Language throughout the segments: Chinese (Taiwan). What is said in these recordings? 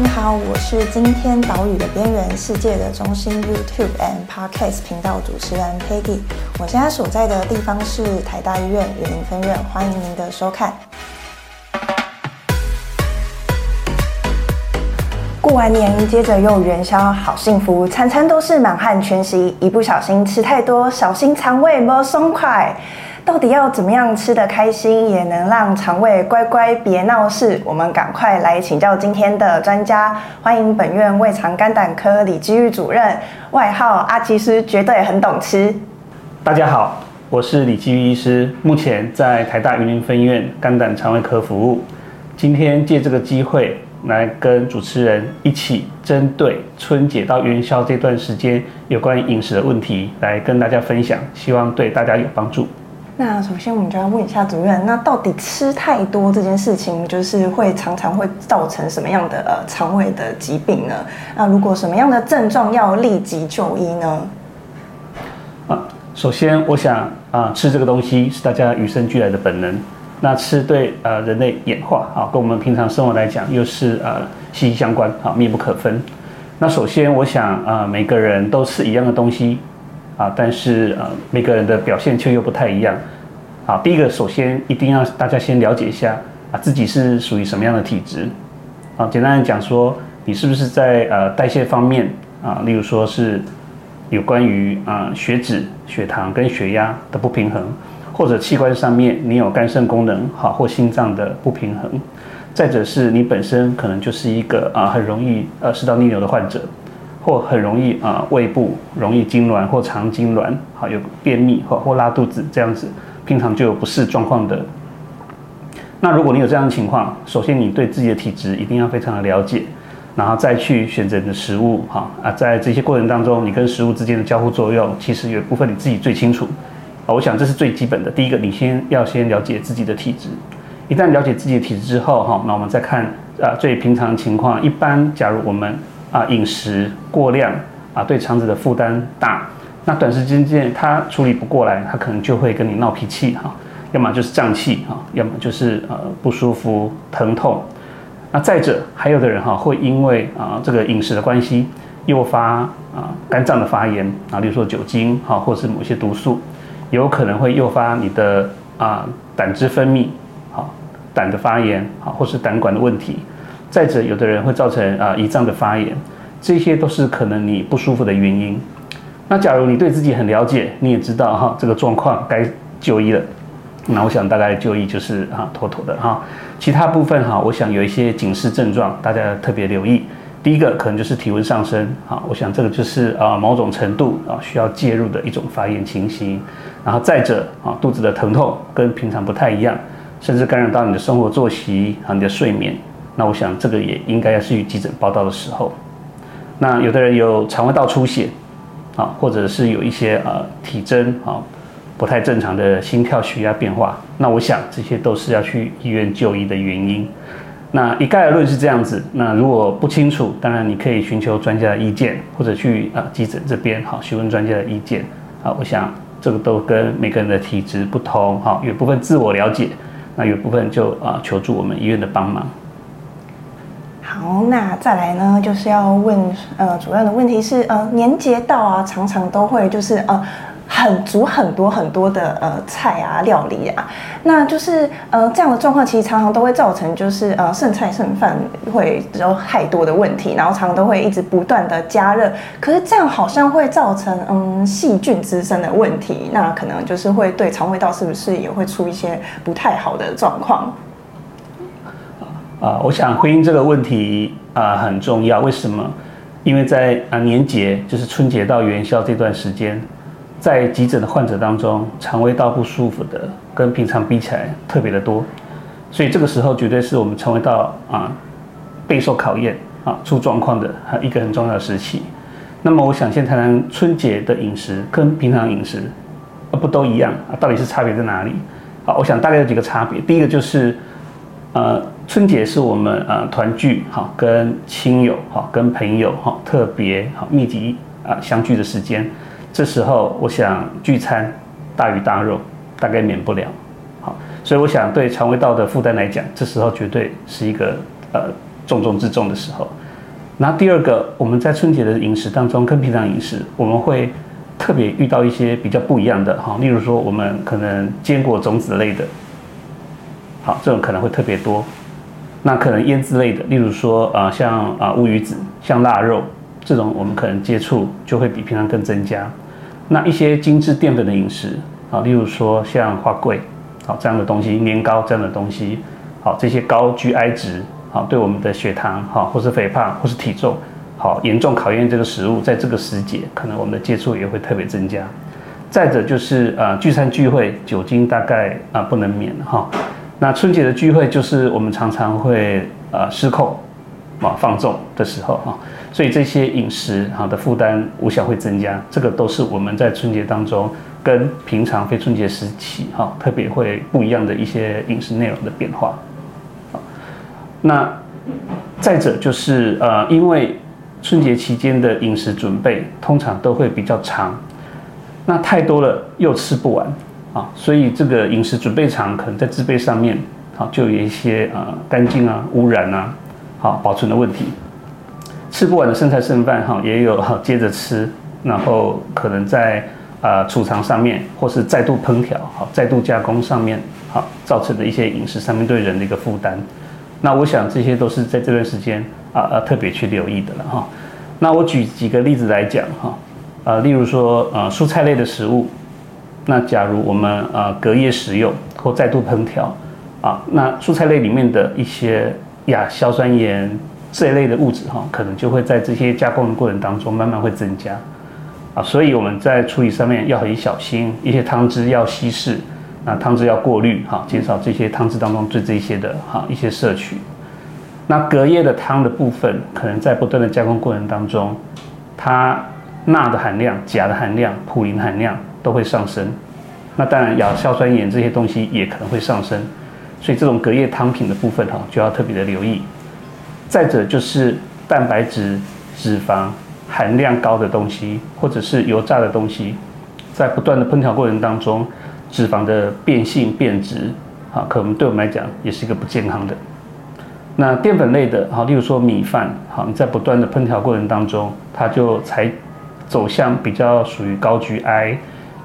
您好，我是今天島嶼的邊緣世界的中心 YouTube and Podcast 頻道主持人 Peggy。我現在所在的地方是台大醫院雲林分院，歡迎您的收看。過完年接着又元宵，好幸福，餐餐都是滿漢全席。一不小心吃太多，小心腸胃沒鬆快。到底要怎麼樣吃得開心，也能讓腸胃乖乖別鬧事？我們趕快來請教今天的專家，歡迎本院胃腸肝膽科李基裕主任，外號阿基師，絕對很懂吃。大家好，我是李基裕醫師，目前在台大雲林分院肝膽腸胃科服務。今天借這個機會來跟主持人一起針對春節到元宵這段時間有關於飲食的問題來跟大家分享，希望對大家有幫助。那首先，我們就要問一下主任，那到底吃太多這件事情，就是會常常會造成什麼樣的呃，腸胃的疾病呢？那如果什麼樣的症狀要立即就醫呢？啊，首先我想啊，吃這個東西是大家與生俱來的本能，那吃對呃、啊、人類演化、啊、跟我們平常生活來講又是啊息息相關、啊、密不可分。那首先我想啊，每個人都吃一樣的東西。啊，但是呃，每個人的表現卻又不太一樣。啊，第一個首先一定要大家先了解一下啊，自己是屬於什麼樣的體質。啊，簡單的講說，你是不是在呃代謝方面啊，例如說是有關於啊、呃、血脂、血糖跟血壓的不平衡，或者器官上面你有肝腎功能好、啊、或心臟的不平衡，再者是你本身可能就是一個啊很容易呃食道逆流的患者。或很容易啊、呃，胃部容易痙攣或腸痙攣，好有便秘或或拉肚子這樣子，平常就有不適狀況的。那如果你有這樣的情況，首先你對自己的體質一定要非常的了解，然後再去選擇你的食物，哈啊，在這些過程當中，你跟食物之間的交互作用，其實有一部分你自己最清楚、啊、我想這是最基本的，第一個，你先要先了解自己的體質。一旦了解自己的體質之後，哈、哦，那我們再看啊，最平常情況，一般假如我們。啊，飲食過量啊，對腸子的負擔大。那短時間間他處理不過來，他可能就會跟你鬧脾氣哈、啊。要麼就是脹氣哈、啊，要麼就是呃、啊、不舒服、疼痛。那再者，還有的人哈、啊，會因為啊這個飲食的關係，誘發啊肝臟的發炎啊，例如說酒精哈、啊，或是某些毒素，有可能會誘發你的啊膽汁分泌好、啊，膽的發炎好、啊，或是膽管的問題。再者，有的人會造成啊胰臟的發炎，這些都是可能你不舒服的原因。那假如你對自己很了解，你也知道哈、啊、這個狀況該就醫了。那我想大概就醫就是啊妥妥的哈、啊。其他部分哈、啊，我想有一些警示症狀，大家要特別留意。第一個可能就是體溫上升啊，我想這個就是啊某種程度啊需要介入的一種發炎情形。然後再者啊肚子的疼痛跟平常不太一樣，甚至干擾到你的生活作息啊你的睡眠。那我想這個也應該要是與急診報到的時候。那有的人有腸胃道出血啊，或者是有一些呃體徵啊、哦、不太正常的心跳血壓變化，那我想這些都是要去醫院就醫的原因。那一概而論是這樣子。那如果不清楚，當然你可以尋求專家的意見，或者去啊、呃、急診這邊好、哦、詢問專家的意見啊。我想這個都跟每個人的體質不同，好、哦、有部分自我了解，那有部分就啊、呃、求助我們醫院的幫忙。好，那再來呢，就是要問，呃，主要的問題是，呃，年節到啊，常常都會就是呃，很煮很多很多的呃菜啊、料理啊，那就是呃這樣的狀況，其實常常都會造成就是呃剩菜剩飯會有太多的問題，然後常常都會一直不斷的加熱，可是這樣好像會造成嗯細菌滋生的問題，那可能就是會對腸胃道是不是也會出一些不太好的狀況？啊、呃，我想回應這個問題啊、呃，很重要。為什麼？因為在啊、呃、年節，就是春節到元宵這段時間，在急診的患者當中，腸胃道不舒服的跟平常比起來特別的多，所以這個時候絕對是我們腸胃道啊、呃、備受考驗啊、呃、出狀況的、呃、一個很重要的時期。那麼，我想先談談春節的飲食跟平常飲食啊、呃、不都一樣啊？到底是差別在哪裡？好，呃，我想大概有幾個差別。第一個就是呃。春節是我們呃團聚哈，跟親友哈，跟朋友哈，特別哈，密集啊相聚的時間。這時候我想聚餐，大魚大肉大概免不了，好，所以我想對腸胃道的負擔來講，這時候絕對是一個呃重中之重的時候。那第二個，我們在春節的飲食當中跟平常飲食，我們會特別遇到一些比較不一樣的哈，例如說我們可能堅果種子類的，好，這種可能會特別多。那可能醃製類的，例如說啊，像啊烏魚子、像臘肉這種，我們可能接觸就會比平常更增加。那一些精緻澱粉的飲食啊，例如說像花桂啊這樣的東西、年糕這樣的東西，好，這些高 GI 值，好，對我們的血糖哈，或是肥胖或是體重，好，嚴重考驗這個食物，在這個時節，可能我們的接觸也會特別增加。再者就是啊，聚餐聚會，酒精大概啊不能免哈。那春節的聚會就是我們常常會呃失控、啊放縱的時候啊，所以這些飲食哈的負擔無效會增加，這個都是我們在春節當中跟平常非春節時期哈特別會不一樣的一些飲食內容的變化。啊，那再者就是呃，因為春節期間的飲食準備通常都會比較長，那太多了又吃不完，啊，所以這個飲食準備場可能在製備上面，啊，就有一些啊、呃、乾淨啊、污染啊，好保存的問題，吃不完的剩菜剩飯，哈、哦、也有接着吃，然後可能在啊、呃、儲藏上面，或是再度烹調，哈，再度加工上面，好造成的一些飲食上面對人的一個負擔。那我想這些都是在這段時間啊啊、呃呃、特別去留意的了哈、哦。那我舉幾個例子來講哈，啊、哦呃，例如說啊、呃、蔬菜類的食物。那假如我們呃隔夜食用或再度烹調，啊，那蔬菜類裡面的一些亞硝酸鹽這一類的物質哈，可能就會在這些加工的過程當中慢慢會增加，啊，所以我們在處理上面要很小心，一些湯汁要稀釋，那湯汁要過濾哈，減少這些湯汁當中對這些的哈一些攝取。那隔夜的湯的部分，可能在不斷的加工過程當中，它鈉的含量、鉀的含量、普林含量。都會上升，那當然亞硝酸鹽這些東西也可能會上升，所以這種隔夜湯品的部分哈，就要特別的留意。再者就是蛋白質、脂肪含量高的東西，或者是油炸的東西，在不斷的烹調過程當中，脂肪的變性變質，哈，可能對我們來講也是一個不健康的。那澱粉類的，哈，例如說米飯，哈你在不斷的烹調過程當中，它就才走向比較屬於高 GI。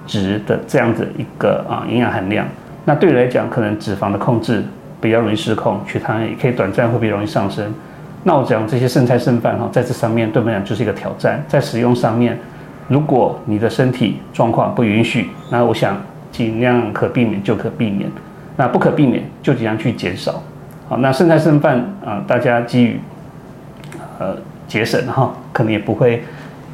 值的這樣的一個啊營養含量，那對來講，可能脂肪的控制比較容易失控，血糖也可以短暫會比較容易上升。那我講這些剩菜剩飯哈，在這上面對我們來講就是一個挑戰，在使用上面，如果你的身體狀況不允許，那我想儘量可避免就可避免，那不可避免就儘量去減少。好，那剩菜剩飯啊、呃，大家基於呃節省哈、哦，可能也不會。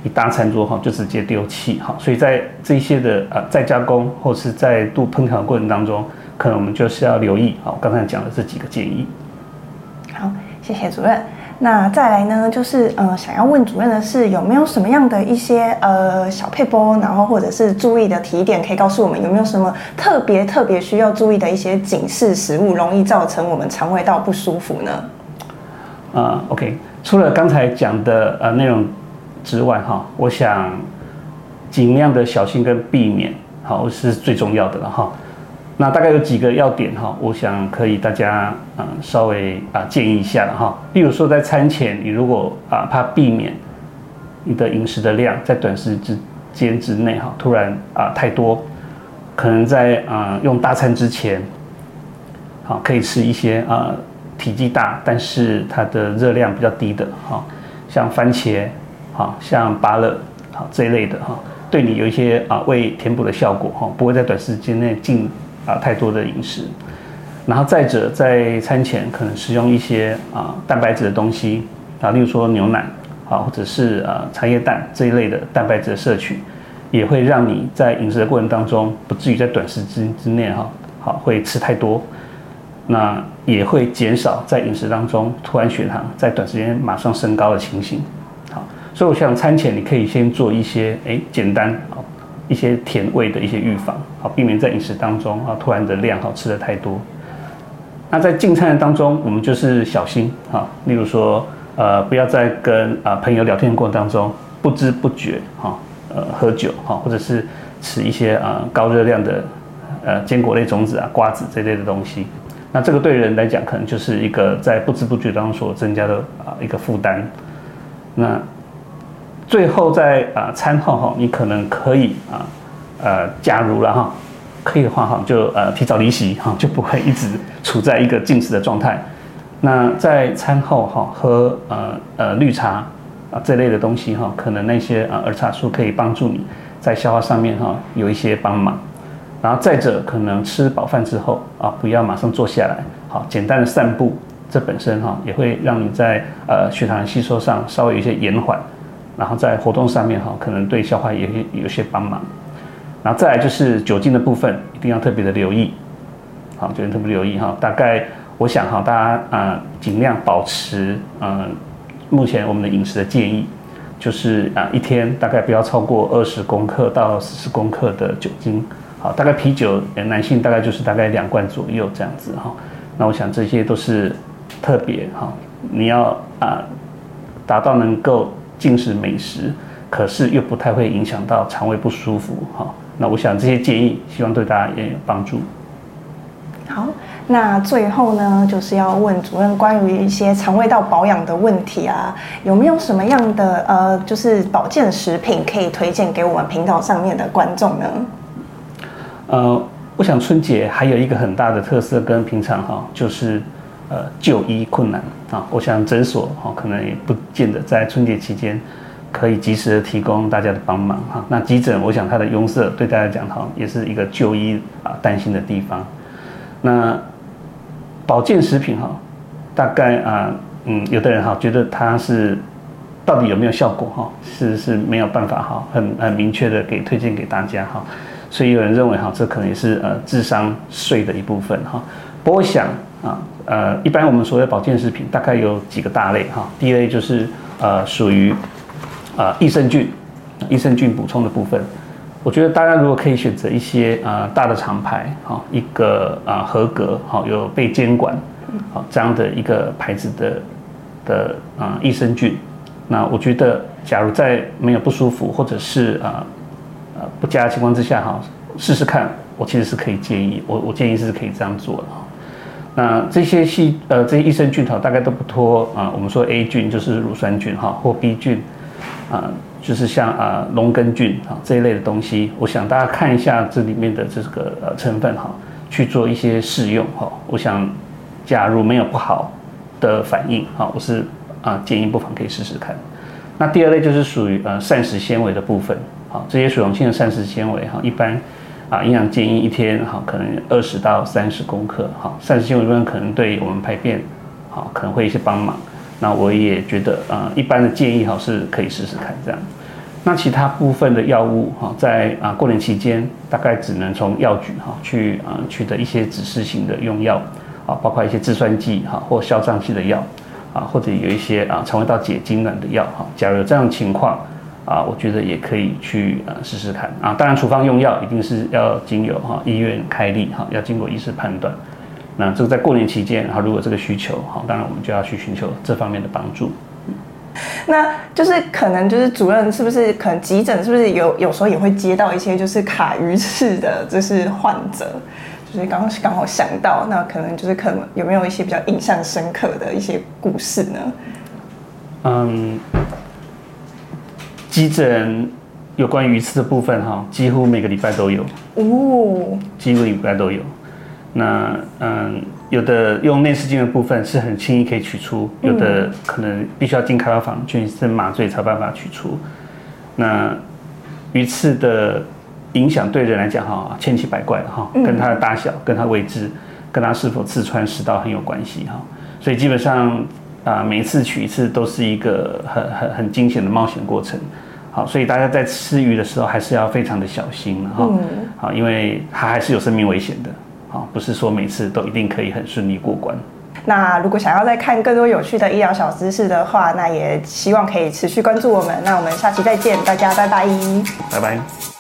一大餐桌哈，就直接丟棄哈，所以在這些的呃再加工或者是再度烹調的過程當中，可能我們就是要留意哈，哦、剛才講的這幾個建議。好，謝謝主任。那再來呢，就是呃想要問主任的是，有沒有什麼樣的一些呃小撇步，然後或者是注意的提點，可以告訴我們有沒有什麼特別特別需要注意的一些警示食物，容易造成我們腸胃道不舒服呢？啊、呃，OK，除了剛才講的、嗯、呃內容。之外哈，我想盡量的小心跟避免，好，是最重要的了哈。那大概有幾個要點哈，我想可以大家嗯稍微啊建議一下了哈。例如說在餐前，你如果啊怕避免你的飲食的量在短時之間之內哈，突然啊太多，可能在啊，用大餐之前，好，可以吃一些啊體積大但是它的熱量比較低的哈，像番茄，啊，像芭樂，啊這一類的哈，對你有一些啊胃填補的效果哈，不會在短時間內進啊太多的飲食，然後再者在餐前可能食用一些啊蛋白質的東西啊，例如說牛奶啊，或者是啊茶葉蛋這一類的蛋白質的攝取，也會讓你在飲食的過程當中不至於在短時之之內哈好會吃太多，那也會減少在飲食當中突然血糖在短時間馬上升高的情形。所以，我像餐前你可以先做一些誒、欸、簡單啊一些甜味的一些預防，好避免在飲食當中啊突然的量，好吃得太多。那在進餐的當中，我們就是小心啊，例如說呃，不要再跟啊、呃、朋友聊天過程當中不知不覺哈呃喝酒哈，或者是吃一些啊、呃、高熱量的呃堅果類種子啊瓜子，這類的東西。那這個對人來講，可能就是一個在不知不覺當中所增加的啊一個負擔。那最後在啊餐後哈，你可能可以啊，呃，假如了哈，可以的話哈，就呃提早離席哈，就不會一直處在一個進食的狀態。那在餐後哈，喝呃呃綠茶啊這類的東西哈，可能那些啊兒茶素可以幫助你在消化上面哈有一些幫忙。然後再者，可能吃飽飯之後啊，不要馬上坐下來，好簡單的散步，這本身哈也會讓你在呃血糖的吸收上稍微有一些延緩。然後在活動上面哈，可能對消化也有些幫忙。然後再來就是酒精的部分，一定要特別的留意，好，特別特別留意哈、哦。大概我想哈，大家啊、呃、盡量保持嗯、呃，目前我們的飲食的建議就是啊、呃，一天大概不要超過二十公克到四十公克的酒精。好，大概啤酒男性大概就是大概兩罐左右這樣子哈、哦。那我想這些都是特別哈、哦，你要啊、呃、達到能夠。盡是美食，可是又不太會影響到腸胃不舒服。哈，那我想這些建議，希望對大家也有幫助。好，那最後呢，就是要問主任關於一些腸胃道保養的問題啊，有沒有什麼樣的呃，就是保健食品可以推薦給我們頻道上面的觀眾呢？呃，我想春節還有一個很大的特色跟平常哈，就是。呃，就醫困難啊，我想診所哈、啊、可能也不見得在春節期間可以及時的提供大家的幫忙哈、啊。那急診，我想它的擁塞對大家來講哈、啊、也是一個就醫啊擔心的地方。那保健食品哈、啊，大概啊嗯，有的人哈、啊、覺得它是到底有沒有效果哈、啊，是是沒有辦法哈、啊，很很明確的給推薦給大家哈、啊。所以有人認為哈、啊，這可能也是呃、啊、智商稅的一部分哈。啊。我想啊，呃，一般我們所謂保健食品大概有幾個大類哈。第一類就是呃屬於啊益生菌，益生菌補充的部分。我覺得大家如果可以選擇一些呃大的廠牌哈，一個啊、呃、合格好、呃、有被監管好、呃、這樣的一個牌子的的啊、呃、益生菌，那我覺得假如在沒有不舒服或者是啊呃不佳的情況之下哈，試試看，我其實是可以建議我我建議是可以這樣做的。那這些細呃這些益生菌哈、哦，大概都不脫啊、呃。我們說 A 菌就是乳酸菌哈、哦，或 B 菌啊、呃，就是像啊，龍、呃、根菌啊、哦、這一類的東西。我想大家看一下這裡面的這個呃成分哈、哦，去做一些試用哈、哦。我想，假如沒有不好的反應哈、哦，我是啊建議不妨可以試試看。那第二類就是屬於呃膳食纖維的部分哈、哦，這些水溶性的膳食纖維哈，一般。啊，營養建議一天哈、哦，可能二十到三十公克哈，膳食纖維可能對我們排便，好、哦、可能會一些幫忙。那我也覺得啊、呃，一般的建議哈、哦、是可以試試看這樣。那其他部分的藥物哈、哦，在啊過年期間大概只能從藥局哈、哦、去啊、呃、取得一些指示性的用藥啊、哦，包括一些制酸劑哈、哦、或消脹劑的藥啊、哦，或者有一些啊腸胃道解痙攣的藥哈、哦。假如有這樣的情況。啊，我覺得也可以去啊試試看啊。當然，處方用藥一定是要經由哈、啊、醫院開立哈、啊，要經過醫師判斷。那這個在過年期間，哈、啊，如果這個需求，哈、啊，當然我們就要去尋求這方面的幫助。那就是可能就是主任是不是可能急診是不是有有時候也會接到一些就是卡魚刺的就是患者，就是剛剛剛好想到，那可能就是可能有沒有一些比較印象深刻的一些故事呢？嗯。急診有關於魚刺的部分、哦，哈，幾乎每個禮拜都有，哦，幾乎個禮拜都有。那，嗯，有的用內視鏡的部分是很輕易可以取出，嗯，有的可能必須要進開刀房全身麻醉才辦法取出。那魚刺的影響對人來講、哦，哈，千奇百怪的、哦，哈、嗯，跟它的大小、跟它的位置、跟它是否刺穿食道很有關係、哦，哈。所以基本上啊、呃，每一次取一次都是一個很很很驚險的冒險過程。所以大家在吃魚的時候，還是要非常的小心了，哦，嗯，因為它還是有生命危險的。不是說每次都一定可以很順利過關。那如果想要再看更多有趣的醫療小知識的話，那也希望可以持續關注我們。那我們下期再見，大家拜拜，拜拜。